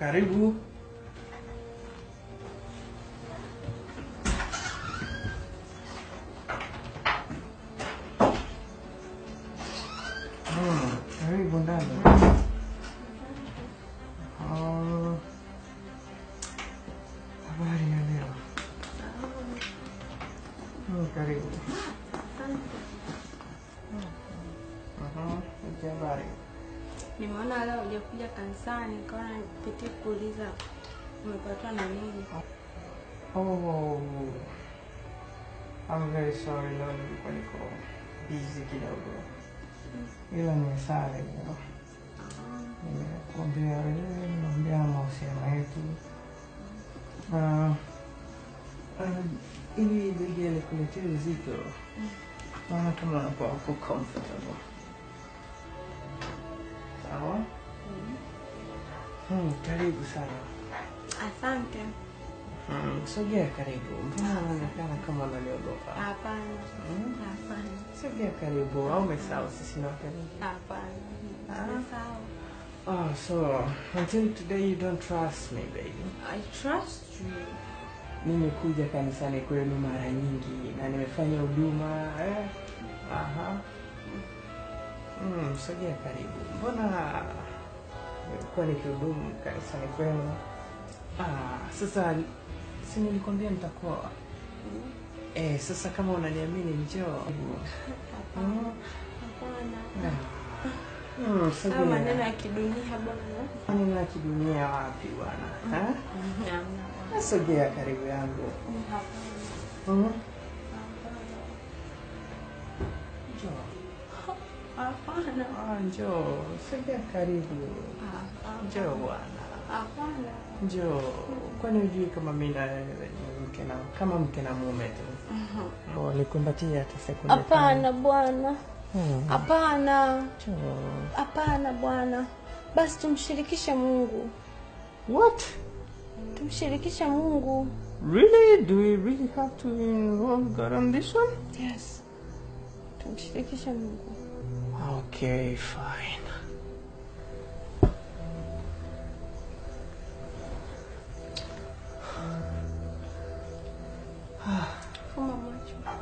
Caregu nimeona leo hujakuja kanisani, nikaona nipitie kuuliza umepatwa na nini. Oh, I'm very sorry leo nilikuwa niko busy kidogo, ila ni sare leo nimekuambia wewe, nimeambia mahusiano yetu uh, ili begi alikuletea uzito, maana kama unakuwa uko comfortable sawa. Mm. Mm, karibu sana. Asante. Mm, sogea karibu. Mbona unaonekana kama unaniogopa? Hapana. Mm? Hapana. Sogea karibu. Au umesahau sisi ni wakaribu? Hapana. Nimesahau. Ah? Oh, ah, so until today you don't trust me, baby. I trust you. Nimekuja kanisani kwenu mara nyingi na nimefanya huduma eh. Aha. Mm, sogea karibu. Mbona nilikuwa nikihudumu kanisani kwenu? Ah, sasa si nilikwambia nitakuoa. Eh, sasa kama unaniamini njoo. Hapana. Hmm, maneno ya kidunia bwana. Maneno ya kidunia wapi bwana? Mm-hmm. Ha? Sogea karibu yangu. Mm, hapana. Mm. Njoo. Hapana. Ah, njoo, sogea karibu. Ah, ah, njoo bwana. Hapana. Njoo. Kwani hujui kama mimi na mke na kama mke na mume tu. Oh, nikumbatie hata sekunde. Hapana bwana. Hmm. Hapana. Njoo. Hapana bwana. Basi tumshirikishe Mungu. What? Tumshirikishe Mungu. Really? Do we really have to involve God on this one? Yes. Tumshirikishe Mungu. Okay, fine. Come on, Macho.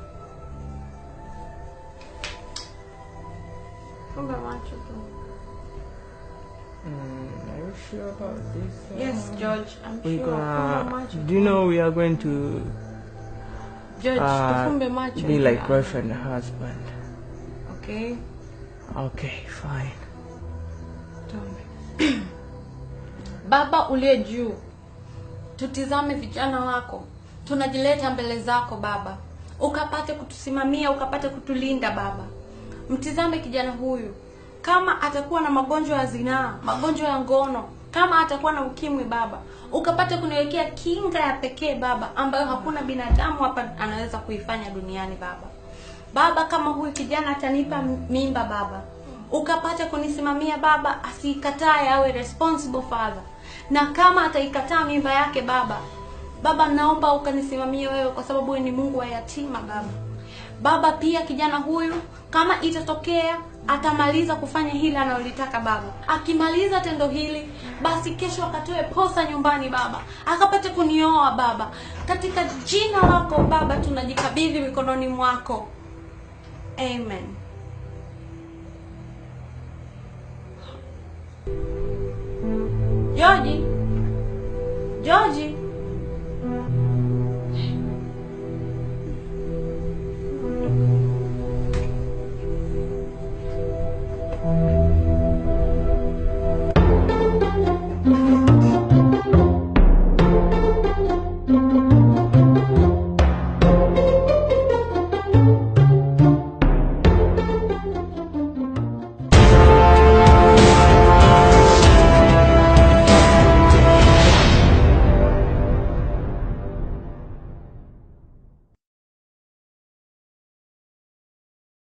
Come on, Macho. Mm, are you sure about this? Uh, yes, George, I'm we sure. Gonna, do you know we are going to uh, be like boyfriend and husband? Okay. Okay, fine. Baba uliye juu, tutizame vijana wako, tunajileta mbele zako Baba, ukapate kutusimamia, ukapate kutulinda Baba. Mtizame kijana huyu, kama atakuwa na magonjwa ya zinaa, magonjwa ya ngono, kama atakuwa na ukimwi Baba, ukapate kuniwekea kinga ya pekee Baba, ambayo hakuna binadamu hapa anaweza kuifanya duniani Baba baba, kama huyu kijana atanipa mimba baba, ukapata kunisimamia baba, asiikatae, awe responsible father, na kama ataikataa mimba yake baba, baba, naomba ukanisimamie wewe, kwa sababu wewe ni Mungu wa yatima baba. Baba, pia kijana huyu kama itatokea atamaliza kufanya hili analolitaka baba. Akimaliza tendo hili, basi kesho akatoe posa nyumbani baba, akapate kunioa baba. Katika jina lako baba, tunajikabidhi mikononi mwako. Amen. Yani